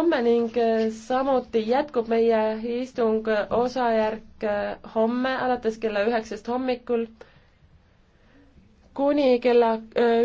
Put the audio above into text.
homme ning äh, samuti jätkub meie istung osajärk äh, homme alates kella üheksast hommikul kuni kella äh,